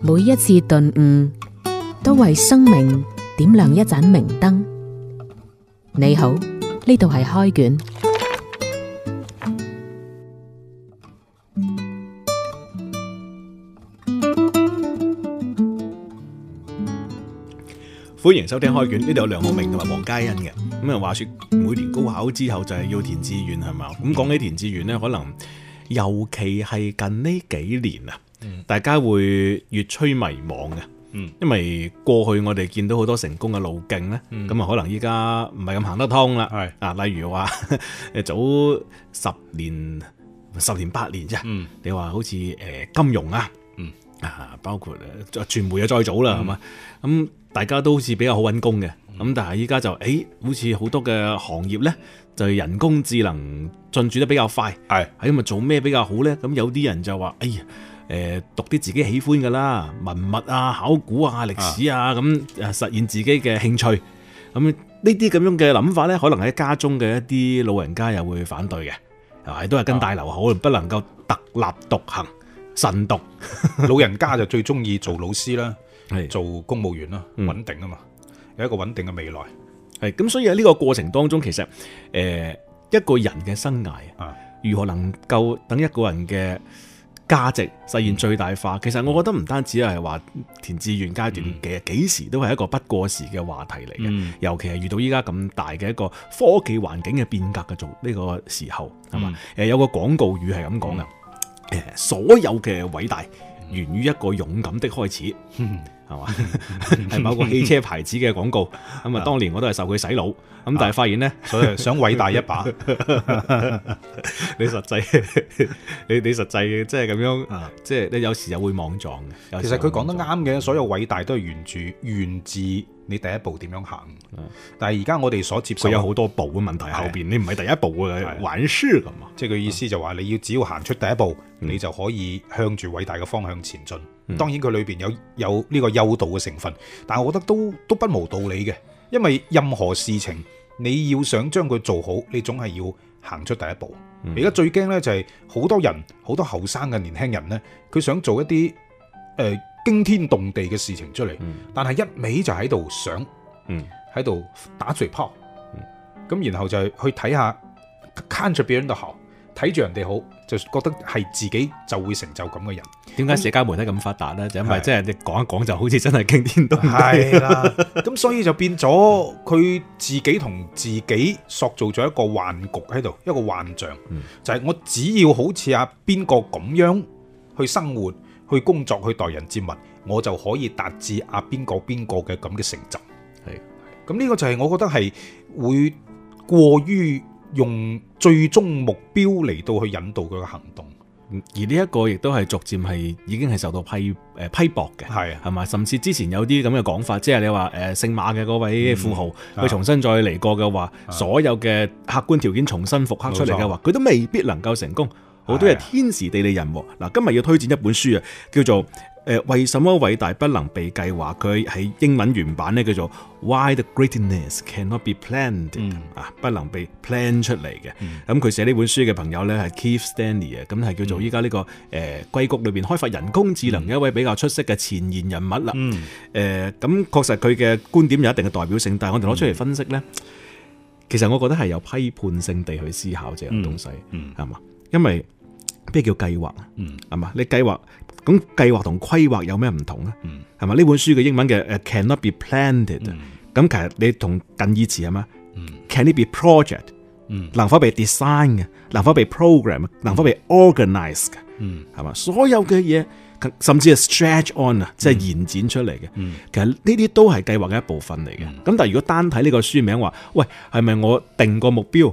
每一次頓悟，都為生命點亮一盞明燈。你好，呢度係開卷，歡迎收聽開卷。呢度有梁浩明同埋黃嘉欣嘅。咁啊，話說每年高考之後就係要填志願係嘛？咁講起填志願呢，可能尤其係近呢幾年啊。大家會越趨迷惘嘅，因為過去我哋見到好多成功嘅路徑咧，咁啊、嗯、可能依家唔係咁行得通啦。係啊是，例如話誒早十年、十年八年啫。嗯、你話好似誒金融啊，啊、嗯、包括誒傳媒又再早啦，係嘛、嗯？咁大家都好似比較好揾工嘅，咁、嗯、但係依家就誒、哎、好似好多嘅行業咧，就人工智能進駐得比較快。係是，係咁啊，做咩比較好咧？咁有啲人就話，哎呀！誒，讀啲自己喜歡嘅啦，文物啊、考古啊、歷史啊，咁誒實現自己嘅興趣。咁呢啲咁樣嘅諗法咧，可能喺家中嘅一啲老人家又會反對嘅，係咪？都係跟大流好，不能夠特立獨行、慎獨。 老人家就最中意做老師啦，是做公務員啦，穩定啊嘛，嗯、有一個穩定嘅未來。係咁，所以喺呢個過程當中，其實誒、呃、一個人嘅生涯啊，如何能夠等一個人嘅？價值實現最大化，嗯、其實我覺得唔單止係話填志願階段嘅幾、嗯、時都係一個不過時嘅話題嚟嘅，嗯、尤其係遇到依家咁大嘅一個科技環境嘅變革嘅，做呢個時候係嘛？誒、嗯呃，有個廣告語係咁講嘅，誒、嗯，所有嘅偉大源於一個勇敢的開始。嗯嗯係嘛？係某個汽車牌子嘅廣告，咁啊！當年我都係受佢洗腦，咁但係發現咧，所以 想偉大一把 你。你實際，你你實際嘅，即係咁樣，即係你有時又會莽撞嘅。撞其實佢講得啱嘅，所有偉大都係源自源自你第一步點樣行。但係而家我哋所接受有好多步嘅問題是，後邊的你唔係第一步嘅的玩書噶嘛？是的即係佢意思就話，你要只要行出第一步，嗯、你就可以向住偉大嘅方向前進。當然佢裏邊有有呢個誘導嘅成分，但係我覺得都都不無道理嘅，因為任何事情你要想將佢做好，你總係要行出第一步。而家、嗯、最驚呢，就係好多人好多後生嘅年輕人呢，佢想做一啲誒驚天動地嘅事情出嚟，嗯、但係一味就喺度想，喺度打嘴炮，咁、嗯、然後就去睇下，看著別人度好，睇住人哋好。就覺得係自己就會成就咁嘅人，點解社交媒體咁發達呢？那就因為即係的你講一講就好似真係驚天動地，係啦。咁所以就變咗佢自己同自己塑造咗一個幻局喺度，一個幻象，嗯、就係我只要好似阿邊個咁樣去生活、去工作、去待人接物，我就可以達至阿邊個邊個嘅咁嘅成就。係，咁呢個就係我覺得係會過於。用最終目標嚟到去引導佢嘅行動，而呢一個亦都係逐漸係已經係受到批誒、呃、批駁嘅，係的，同甚至之前有啲咁嘅講法，即係你話誒姓馬嘅嗰位富豪，佢、嗯、重新再嚟過嘅話，的所有嘅客觀條件重新複刻出嚟嘅話，佢錯都未必能夠成功。好多嘢天時地利人和，嗱的，今日要推薦一本書啊，叫做。誒為什麼偉大不能被計劃？佢喺英文原版咧叫做 Why the greatness cannot be planned、嗯、啊，不能被 plan 出嚟嘅。咁佢、嗯、寫呢本書嘅朋友咧係 Keith Stanley 啊，咁係叫做依家呢個誒硅谷裏邊開發人工智能嘅一位比較出色嘅前沿人物啦。誒咁、嗯呃、確實佢嘅觀點有一定嘅代表性，但係我哋攞出嚟分析咧，嗯、其實我覺得係有批判性地去思考呢樣東西係嘛、嗯嗯，因為。咩叫計劃啊？係嘛？你計劃咁計劃同規劃有咩唔同啊？係嘛？呢本書嘅英文嘅誒 cannot be planned。咁其實你同近義詞係咩？can it be project？能否被 design 嘅？能否被 program？能否被 organize 嘅？係嘛？所有嘅嘢甚至係 stretch on 啊，即係延展出嚟嘅。其實呢啲都係計劃嘅一部分嚟嘅。咁但係如果單睇呢個書名話，喂，係咪我定個目標？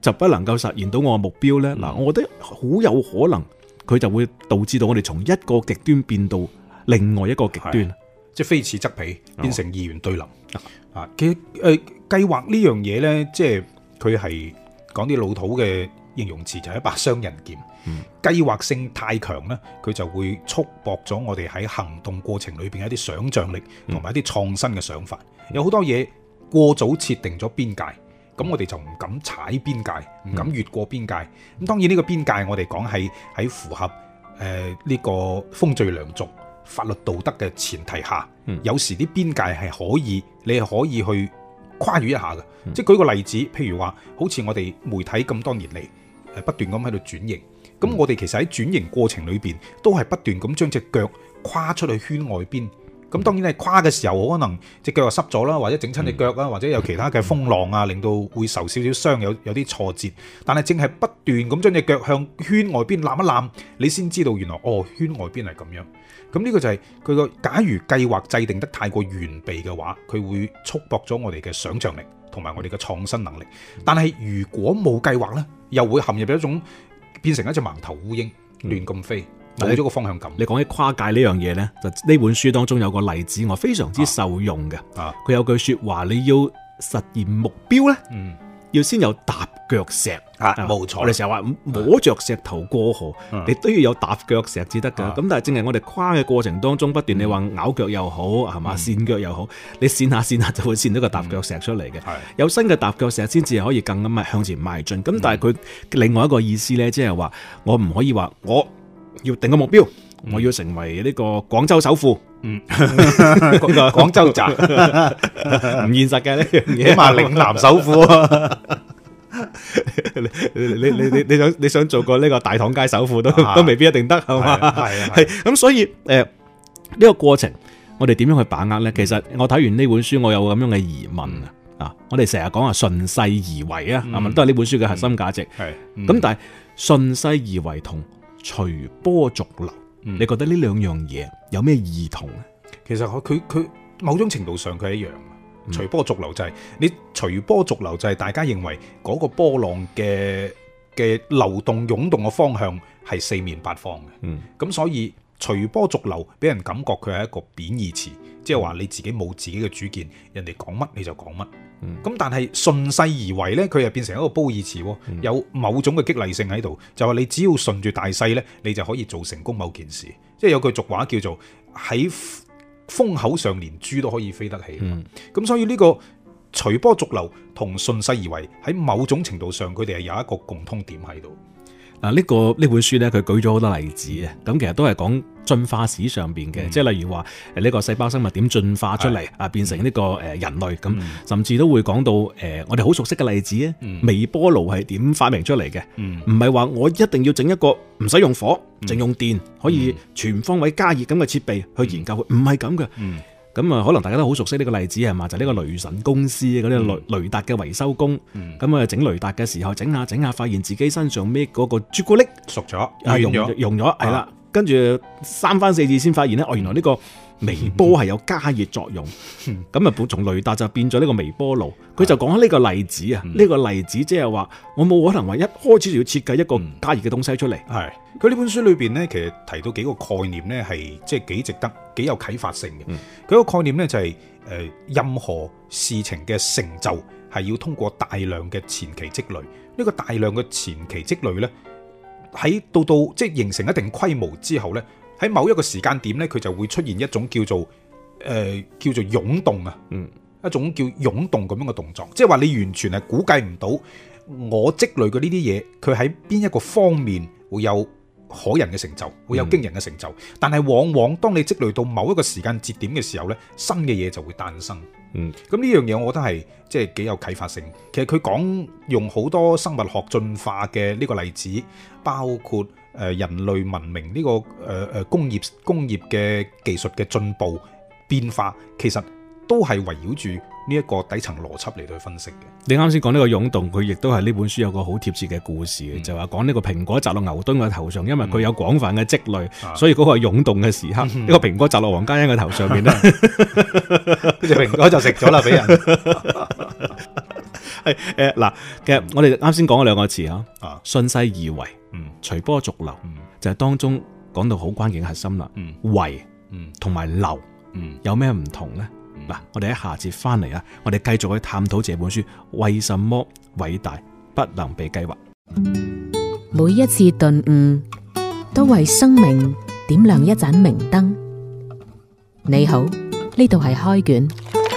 就不能夠實現到我嘅目標呢？嗱，我覺得好有可能佢就會導致到我哋從一個極端變到另外一個極端，即係非此則彼，變成二元對立。啊、哦，其實誒、呃、計劃呢樣嘢呢，即係佢係講啲老土嘅形容詞，就係一把雙刃劍。嗯、計劃性太強呢，佢就會束縛咗我哋喺行動過程裏邊一啲想像力同埋、嗯、一啲創新嘅想法。有好多嘢過早設定咗邊界。咁我哋就唔敢踩邊界，唔敢越過邊界。咁、嗯、當然呢個邊界，我哋講係喺符合誒呢、呃這個風序良俗、法律道德嘅前提下，嗯、有時啲邊界係可以，你係可以去跨越一下嘅。即係、嗯、舉個例子，譬如話，好似我哋媒體咁多年嚟，誒不斷咁喺度轉型。咁我哋其實喺轉型過程裏邊，都係不斷咁將隻腳跨出去圈外邊。咁當然係跨嘅時候，我可能隻腳又濕咗啦，或者整親隻腳啦，或者有其他嘅風浪啊，令到會受少少傷，有有啲挫折。但係淨係不斷咁將隻腳向圈外邊攬一攬，你先知道原來哦，圈外邊係咁樣。咁呢個就係佢個假如計劃制定得太過完備嘅話，佢會束縛咗我哋嘅想像力同埋我哋嘅創新能力。但係如果冇計劃呢，又會陷入一種變成一隻盲頭烏蠅亂咁飛咗個方向感。你講起跨界呢樣嘢咧，就呢本書當中有個例子，我非常之受用嘅、啊。啊，佢有句説話，你要實現目標咧，嗯，要先有踏腳石啊。冇錯，我哋成日話摸着石頭過河，嗯、你都要有踏腳石至得㗎。咁、嗯、但係正係我哋跨嘅過程當中，不斷你話咬腳又好係嘛，跣、嗯、腳又好，你跣下跣下就會跣到個踏腳石出嚟嘅。嗯、有新嘅踏腳石先至係可以更咁向前邁進。咁、嗯、但係佢另外一個意思咧，即係話我唔可以話我。要定個目標，我要成為呢個廣州首富。嗯，個廣州宅唔現實嘅，呢樣嘢，起碼嶺南首富你你你你想你想做個呢個大堂街首富都都未必一定得係嘛。係啊，係咁所以誒呢個過程，我哋點樣去把握咧？其實我睇完呢本書，我有咁樣嘅疑問啊。啊，我哋成日講話順勢而為啊，係咪？都係呢本書嘅核心價值係。咁但係順勢而為同。隨波逐流，嗯、你覺得呢兩樣嘢有咩異同？咧其實佢佢某種程度上佢係一樣。隨、嗯、波逐流就係、係、你隨波逐流就係大家認為嗰個波浪嘅嘅流動湧動嘅方向係四面八方嘅。咁、嗯、所以隨波逐流俾人感覺佢係一個貶義詞，即係話你自己冇自己嘅主見，人哋講乜你就講乜。咁、嗯、但係順勢而為呢，佢又變成一個褒義詞，嗯、有某種嘅激勵性喺度，就係你只要順住大勢呢，你就可以做成功某件事。即、就、係、是、有句俗話叫做喺風口上連豬都可以飛得起。咁、嗯、所以呢個隨波逐流同順勢而為喺某種程度上，佢哋係有一個共通點喺度。啊！呢、這個呢本書呢，佢舉咗好多例子啊，咁其實都係講進化史上邊嘅，即係、嗯、例如話誒呢個細胞生物點進化出嚟啊？嗯、變成呢個誒人類咁，嗯、甚至都會講到誒、呃、我哋好熟悉嘅例子啊，嗯、微波爐係點發明出嚟嘅。唔係話我一定要整一個唔使用，用火淨、嗯、用電可以全方位加熱咁嘅設備去研究，唔係咁嘅。咁啊，可能大家都好熟悉呢個例子係嘛？就呢、是、個雷神公司嗰啲雷、嗯、雷達嘅維修工，咁啊整雷達嘅時候，整下整下，發現自己身上孭嗰個朱古力熟咗，溶咗，溶咗，係啦，跟住、啊、三番四次先發現咧，哦，原來呢、這個。微波係有加熱作用，咁啊本從雷達就變咗呢個微波爐。佢就講咗呢個例子啊，呢的、嗯、個例子即係話我冇可能話一開始就要設計一個唔加熱嘅東西出嚟。係佢呢本書裏邊呢，其實提到幾個概念呢，係即係幾值得、幾有啟發性嘅。佢一個概念呢、就是，就係誒任何事情嘅成就係要通過大量嘅前期積累。呢、這個大量嘅前期積累呢，喺到到即係形成一定規模之後呢。喺某一個時間點呢，佢就會出現一種叫做誒、呃、叫做湧動啊，嗯、一種叫湧動咁樣嘅動作，即係話你完全係估計唔到我積累嘅呢啲嘢，佢喺邊一個方面會有可人嘅成就，會有驚人嘅成就。嗯、但係往往當你積累到某一個時間節點嘅時候呢，新嘅嘢就會誕生。嗯，咁呢樣嘢我覺得係即係幾有啟發性。其實佢講用好多生物學進化嘅呢個例子，包括。誒、呃，人類文明呢、這個誒誒、呃，工業工業嘅技術嘅進步變化，其實都係圍繞住呢一個底層邏輯嚟到去分析嘅。你啱先講呢個湧動，佢亦都係呢本書有一個好貼切嘅故事、嗯、就話講呢個蘋果砸落牛頓嘅頭上，因為佢有廣泛嘅積累，嗯、所以嗰個湧動嘅時刻，呢、嗯、個蘋果砸落王家欣嘅頭上面咧，呢蘋、嗯、 果就食咗啦，俾人。 係誒，嗱， 其實我哋啱先講咗兩個詞啊，順勢而為，嗯，隨波逐流，嗯，就係當中講到好關鍵核心啦，嗯，為，嗯，同埋流，嗯，有咩唔同呢？嗱，嗯，我哋喺下節翻嚟，啊，我哋繼續去探討這本書為什麼偉大不能被計劃。每一次頓悟都為生命點亮一盞明燈。你好，呢度係開卷。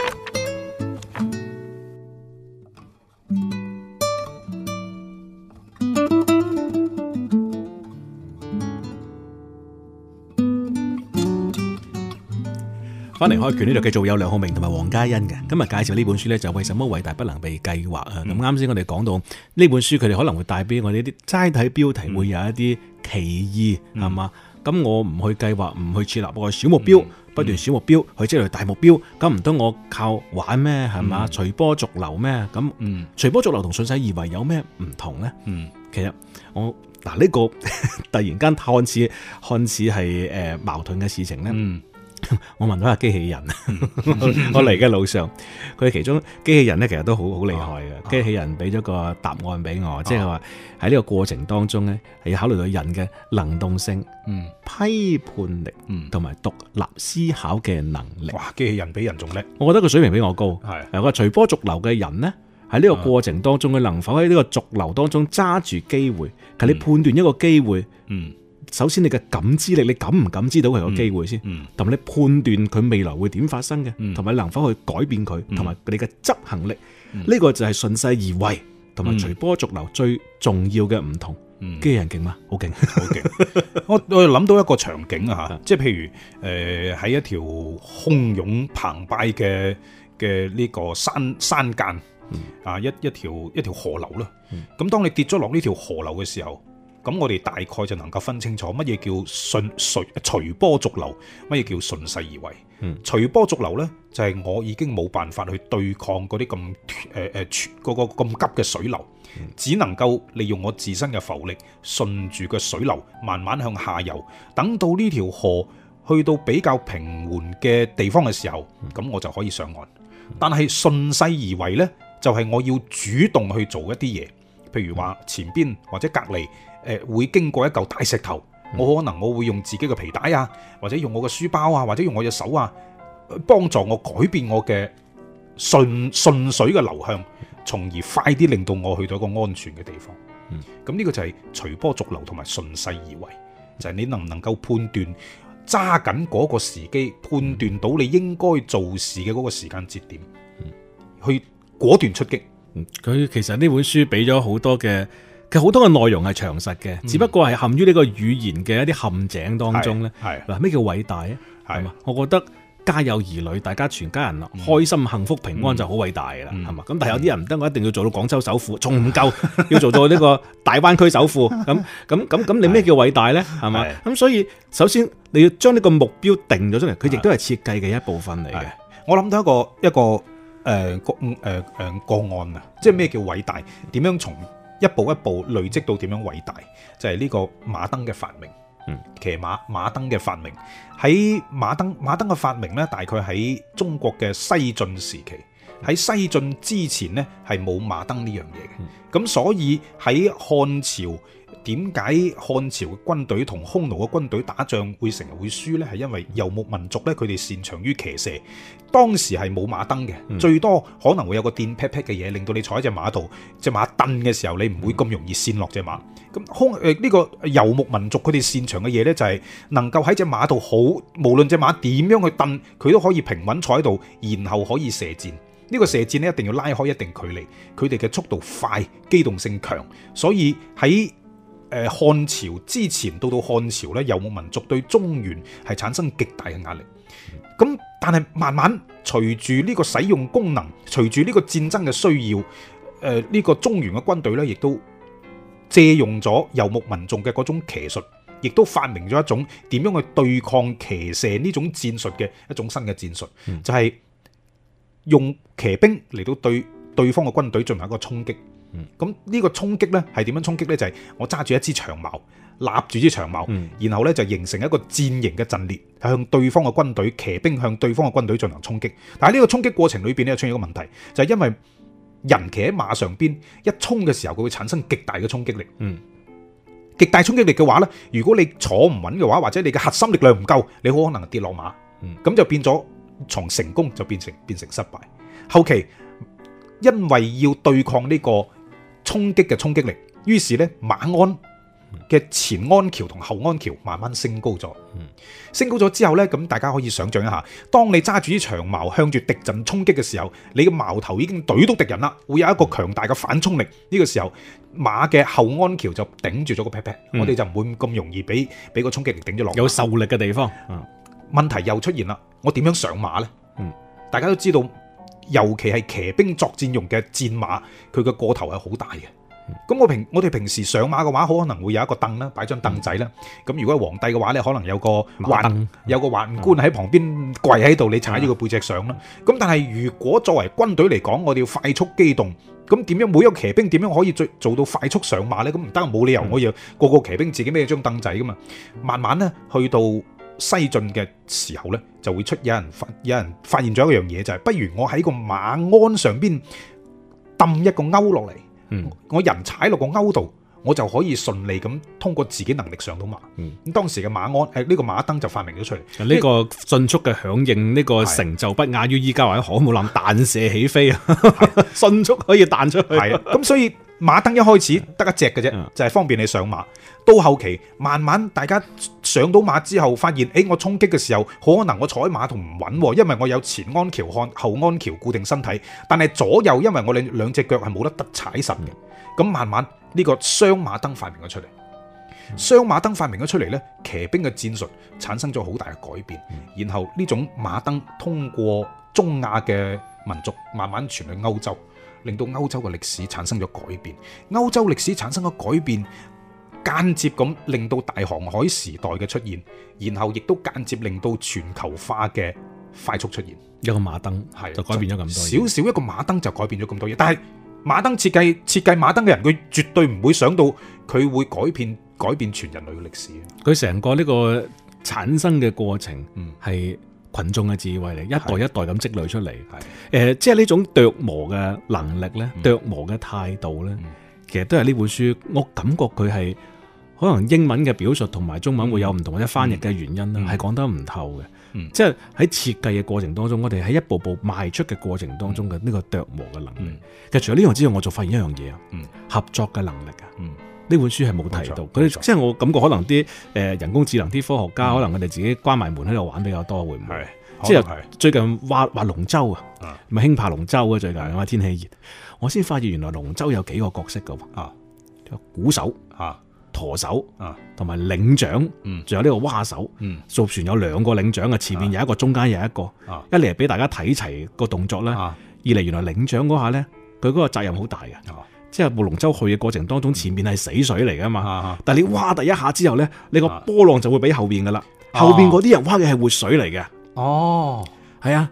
翻嚟《開卷》，呢度繼續有梁浩明同埋黃嘉欣嘅，今日介紹呢本書咧、就是，就為什麼偉大不能被計劃啊！咁啱先，嗯、我哋講到呢本書，佢哋可能會帶俾我哋呢啲齋睇標題，會有一啲歧義，係嘛、嗯？咁、嗯嗯、我唔去計劃，唔去設立個小目標，嗯嗯、不斷小目標去積累大目標，咁唔通我靠玩咩，係嘛？隨波逐流咩？咁嗯，隨波逐流同順勢而為有咩唔同咧？嗯，其實我嗱呢、啊這個 突然間看似看似係誒矛盾嘅事情咧。嗯我問咗下機器人， 我嚟嘅路上，佢其中機器人咧，其實都好好厲害嘅。機器人、啊、俾咗個答案俾我，即係話喺呢個過程當中咧，係考慮到人嘅能動性、嗯、批判力同埋獨立思考嘅能力。哇！機器人比人仲叻，我覺得個水平比我高。係嗱的，我隨波逐流嘅人咧，喺呢個過程當中，佢、嗯、能否喺呢個逐流當中揸住機會？其實你判斷一個機會嗯，嗯。首先，你嘅感知力，你感唔感知到佢有機會先，同埋你判斷佢未來會點發生嘅，同埋能否去改變佢，同埋你嘅執行力，呢個就係順勢而為同埋隨波逐流最重要嘅唔同。機器人勁嗎？好勁，好勁！我我諗到一個場景啊嚇，即係譬如誒喺一條洶湧澎湃嘅嘅呢個山山澗啊一一條一條河流啦，咁當你跌咗落呢條河流嘅時候。咁我哋大概就能夠分清楚乜嘢叫順隨，隨波逐流，乜嘢叫順勢而為。嗯，隨波逐流呢，就係、是、我已經冇辦法去對抗嗰啲咁誒誒嗰個咁急嘅水流，嗯、只能夠利用我自身嘅浮力，順住個水流慢慢向下游。等到呢條河去到比較平緩嘅地方嘅時候，咁、嗯、我就可以上岸。嗯、但係順勢而為呢，就係、是、我要主動去做一啲嘢，譬如話前邊或者隔離。誒，會經過一嚿大石頭，我可能我會用自己嘅皮帶啊，或者用我嘅書包啊，或者用我隻手啊，幫助我改變我嘅順順水嘅流向，從而快啲令到我去到一個安全嘅地方。咁呢、嗯、個就係隨波逐流同埋順勢而為，就係、是、你能唔能夠判斷，揸緊嗰個時機，判斷到你應該做事嘅嗰個時間節點，嗯、去果斷出擊。佢其實呢本書俾咗好多嘅。其實好多嘅內容係詳實嘅，只不過係陷於呢個語言嘅一啲陷阱當中咧。係嗱、嗯，咩叫偉大咧？係嘛，我覺得家有兒女，大家全家人開心、嗯、幸福、平安就好偉大噶啦，係嘛、嗯。咁但係有啲人唔得，我一定要做到廣州首富，仲唔夠要做到呢個大灣區首富，咁咁咁咁，你咩叫偉大咧？係嘛，咁的所以首先你要將呢個目標定咗出嚟，佢亦都係設計嘅一部分嚟嘅。我諗到一個一個誒個誒誒個案啊，即係咩叫偉大？點樣從？一步一步累積到點樣偉大，就係、是、呢個馬蹬嘅發明。嗯，騎馬馬蹬嘅發明，喺馬蹬馬蹬嘅發明咧，大概喺中國嘅西晉時期。喺西晉之前呢，係冇馬蹬呢樣嘢嘅。咁所以喺漢朝，點解漢朝嘅軍隊同匈奴嘅軍隊打仗會成日會輸呢？係因為游牧民族呢，佢哋擅長於騎射。當時係冇馬蹬嘅，嗯、最多可能會有個墊劈劈嘅嘢，令到你坐喺隻馬度，隻馬蹬嘅時候你唔會咁容易跣落隻馬。咁空誒呢個游牧民族佢哋擅長嘅嘢呢，就係、是、能夠喺隻馬度好，無論隻馬點樣去蹬，佢都可以平穩坐喺度，然後可以射箭。呢個射箭咧一定要拉開一定距離，佢哋嘅速度快、機動性強，所以喺誒漢朝之前到到漢朝呢，遊牧民族對中原係產生極大嘅壓力。咁、嗯、但係慢慢隨住呢個使用功能，隨住呢個戰爭嘅需要，誒、呃、呢、呢個中原嘅軍隊呢，亦都借用咗遊牧民族嘅嗰種騎術，亦都發明咗一種點樣去對抗騎射呢種戰術嘅一種新嘅戰術，嗯、就係、是。用騎兵嚟到對對方嘅軍隊進行一個衝擊，咁呢個衝擊呢係點樣衝擊呢？就係、是、我揸住一支長矛，立住支長矛，嗯、然後呢就形成一個戰型嘅陣列，向對方嘅軍隊騎兵，向對方嘅軍隊進行衝擊。但係呢個衝擊過程裏邊呢，出現一個問題，就係、是、因為人騎喺馬上邊一衝嘅時候，佢會產生極大嘅衝擊力。嗯，極大衝擊力嘅話呢，如果你坐唔穩嘅話，或者你嘅核心力量唔夠，你好可能跌落馬。嗯，咁就變咗。從成功就變成變成失敗，後期因為要對抗呢個衝擊嘅衝擊力，於是咧馬鞍嘅前鞍橋同後鞍橋慢慢升高咗，升高咗之後呢，咁大家可以想象一下，當你揸住啲長矛向住敵陣衝擊嘅時候，你嘅矛頭已經懟到敵人啦，會有一個強大嘅反衝力。呢個時候馬嘅後鞍橋就頂住咗個劈劈，嗯、我哋就唔會咁容易俾俾個衝擊力頂咗落。有受力嘅地方，嗯，問題又出現啦。我點樣上馬呢？嗯，大家都知道，尤其係騎兵作戰用嘅戰馬，佢嘅個頭係好大嘅。咁、嗯、我平我哋平時上馬嘅話，好可能會有一個凳啦，擺張凳仔啦。咁、嗯、如果皇帝嘅話咧，可能有個宦、嗯、有個宦官喺旁邊跪喺度，你踩住個背脊上啦。咁、嗯、但係如果作為軍隊嚟講，我哋要快速機動，咁點樣每一個騎兵點樣可以做做到快速上馬呢？咁唔得，冇理由我要個個騎兵自己孭張凳仔噶嘛。慢慢呢，去到西進嘅時候呢，就會出有人發，有人發，有人發現咗一樣嘢，就係、是、不如我喺個馬鞍上邊揼一個勾落嚟，嗯、我人踩落個勾度，我就可以順利咁通過自己能力上到馬。咁、嗯、當時嘅馬鞍誒呢、這個馬鐙就發明咗出嚟。呢、嗯、個迅速嘅響應，呢、這個成就不亞於依家的或者可冇冧彈射起飛，的 迅速可以彈出去。係咁，所以馬鐙一開始得的一隻嘅啫，的就係方便你上馬。到後期慢慢大家。上到馬之後，發現誒、欸，我衝擊嘅時候，可能我坐馬同唔穩，因為我有前鞍橋看、後鞍橋固定身體，但係左右因為我哋兩隻腳係冇得得踩實嘅。咁、嗯、慢慢呢個雙馬蹬發明咗出嚟，嗯、雙馬蹬發明咗出嚟呢，騎兵嘅戰術產生咗好大嘅改變。嗯、然後呢種馬蹬通過中亞嘅民族慢慢傳去歐洲，令到歐洲嘅歷史產生咗改變。歐洲歷史產生咗改變。間接咁令到大航海時代嘅出現，然後亦都間接令到全球化嘅快速出現。一個馬燈就改變咗咁多，少少一個馬燈就改變咗咁多嘢。但係馬燈設計設計馬燈嘅人，佢絕對唔會想到佢會改變改變全人類嘅歷史。佢成個呢個產生嘅過程，嗯，係群眾嘅智慧嚟，一代一代咁積累出嚟。誒、呃，即係呢種琢磨嘅能力咧，嗯、琢磨嘅態度咧，嗯、其實都係呢本書，我感覺佢係。可能英文嘅表述同埋中文會有唔同或者翻譯嘅原因啦，係講得唔透嘅，即係喺設計嘅過程當中，我哋喺一步步邁出嘅過程當中嘅呢個琢磨嘅能力。其實除咗呢樣之外，我就發現一樣嘢啊，合作嘅能力啊。呢本書係冇提到，即係我感覺可能啲誒人工智能啲科學家，可能佢哋自己關埋門喺度玩比較多，會唔會？即係最近劃劃龍舟啊，咪興拍龍舟啊，最近啊嘛，天氣熱，我先發現原來龍舟有幾個角色㗎喎，啊，鼓手啊。舵手啊，同埋領獎，嗯，仲有呢個蛙手，嗯，艘船有兩個領獎嘅，前面有一個，中間有一個，啊，一嚟俾大家睇齊個動作啦，二嚟原來領獎嗰下呢，佢嗰個責任好大嘅，即係木龍舟去嘅過程當中，前面係死水嚟噶嘛，但係你蛙第一下之後呢，你個波浪就會俾後邊噶啦，後邊嗰啲人蛙嘅係活水嚟嘅，哦，係啊，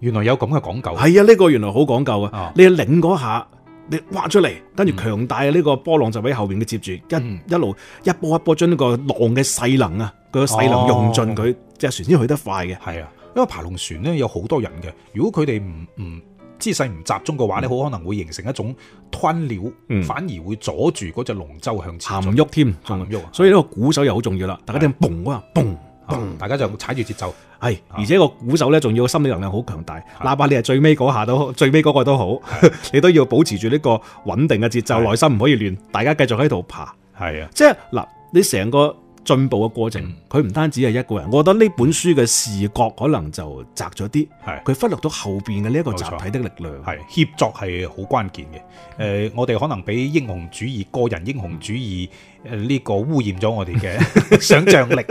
原來有咁嘅講究，係啊，呢個原來好講究啊。你去領嗰下。你挖出嚟，跟住強大嘅呢個波浪就喺後邊嘅接住，一、嗯、一路一波一波將呢個浪嘅勢能啊，個勢能用盡佢，隻、哦、船先去得快嘅。係啊，因為爬龍船咧有好多人嘅，如果佢哋唔唔姿勢唔集中嘅話咧，好、嗯、可能會形成一種吞料，嗯、反而會阻住嗰隻龍舟向前喐添，行唔喐啊！會動所以呢個鼓手又好重要啦，是大家聽嘣啊，嘣！噗 大家就踩住節奏，係，而且個鼓手咧，仲要心理能量好強大。哪怕你係最尾嗰下都好，最尾嗰個都好，是的 你都要保持住呢個穩定嘅節奏，是的 內心唔可以亂。大家繼續喺度爬，係啊，即係嗱，你成個。進步嘅過程，佢唔、嗯、單止係一個人。我覺得呢本書嘅視角可能就窄咗啲，佢是忽略到後邊嘅呢一個集體的力量，是協作係好關鍵嘅。誒、呃，我哋可能俾英雄主義、個人英雄主義誒呢、呃這個污染咗我哋嘅想象力，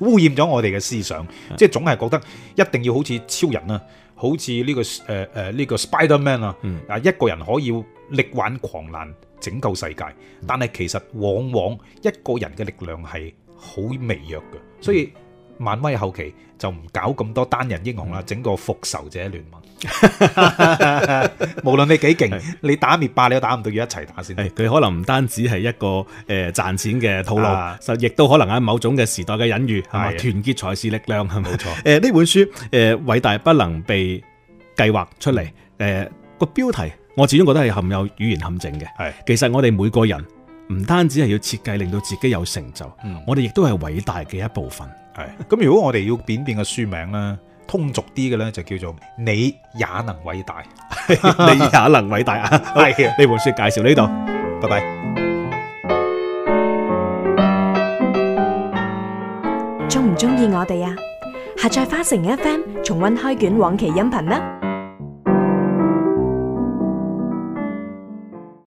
污染咗我哋嘅思想，即、就、係、是、總係覺得一定要好似超人啊，好似呢、這個誒誒呢個 Spider Man 啊，啊、嗯、一個人可以力挽狂瀾拯救世界，但係其實往往一個人嘅力量係。好微弱嘅，所以漫威後期就唔搞咁多單人英雄啦，整個復仇者聯盟， 無論你幾勁的，你打滅霸你都打唔到，要一齊打先。佢可能唔單止係一個誒賺、呃、錢嘅套路，啊、實亦都可能係某種嘅時代嘅隱喻，係嘛團結才是力量，係嘛的。誒呢錯、呃、本書誒偉、呃、大不能被計劃出嚟，誒、呃那個標題我始終覺得係含有語言陷阱嘅。係的，其實我哋每個人。唔單止係要設計令到自己有成就，嗯、我哋亦都係偉大嘅一部分。係咁，如果我哋要變變個書名咧，通俗啲嘅咧就叫做《你也能偉大》， 你也能偉大啊！係呢本書介紹呢度，拜拜。中唔中意我哋啊？下載花城 FM 重溫開卷往期音頻啦！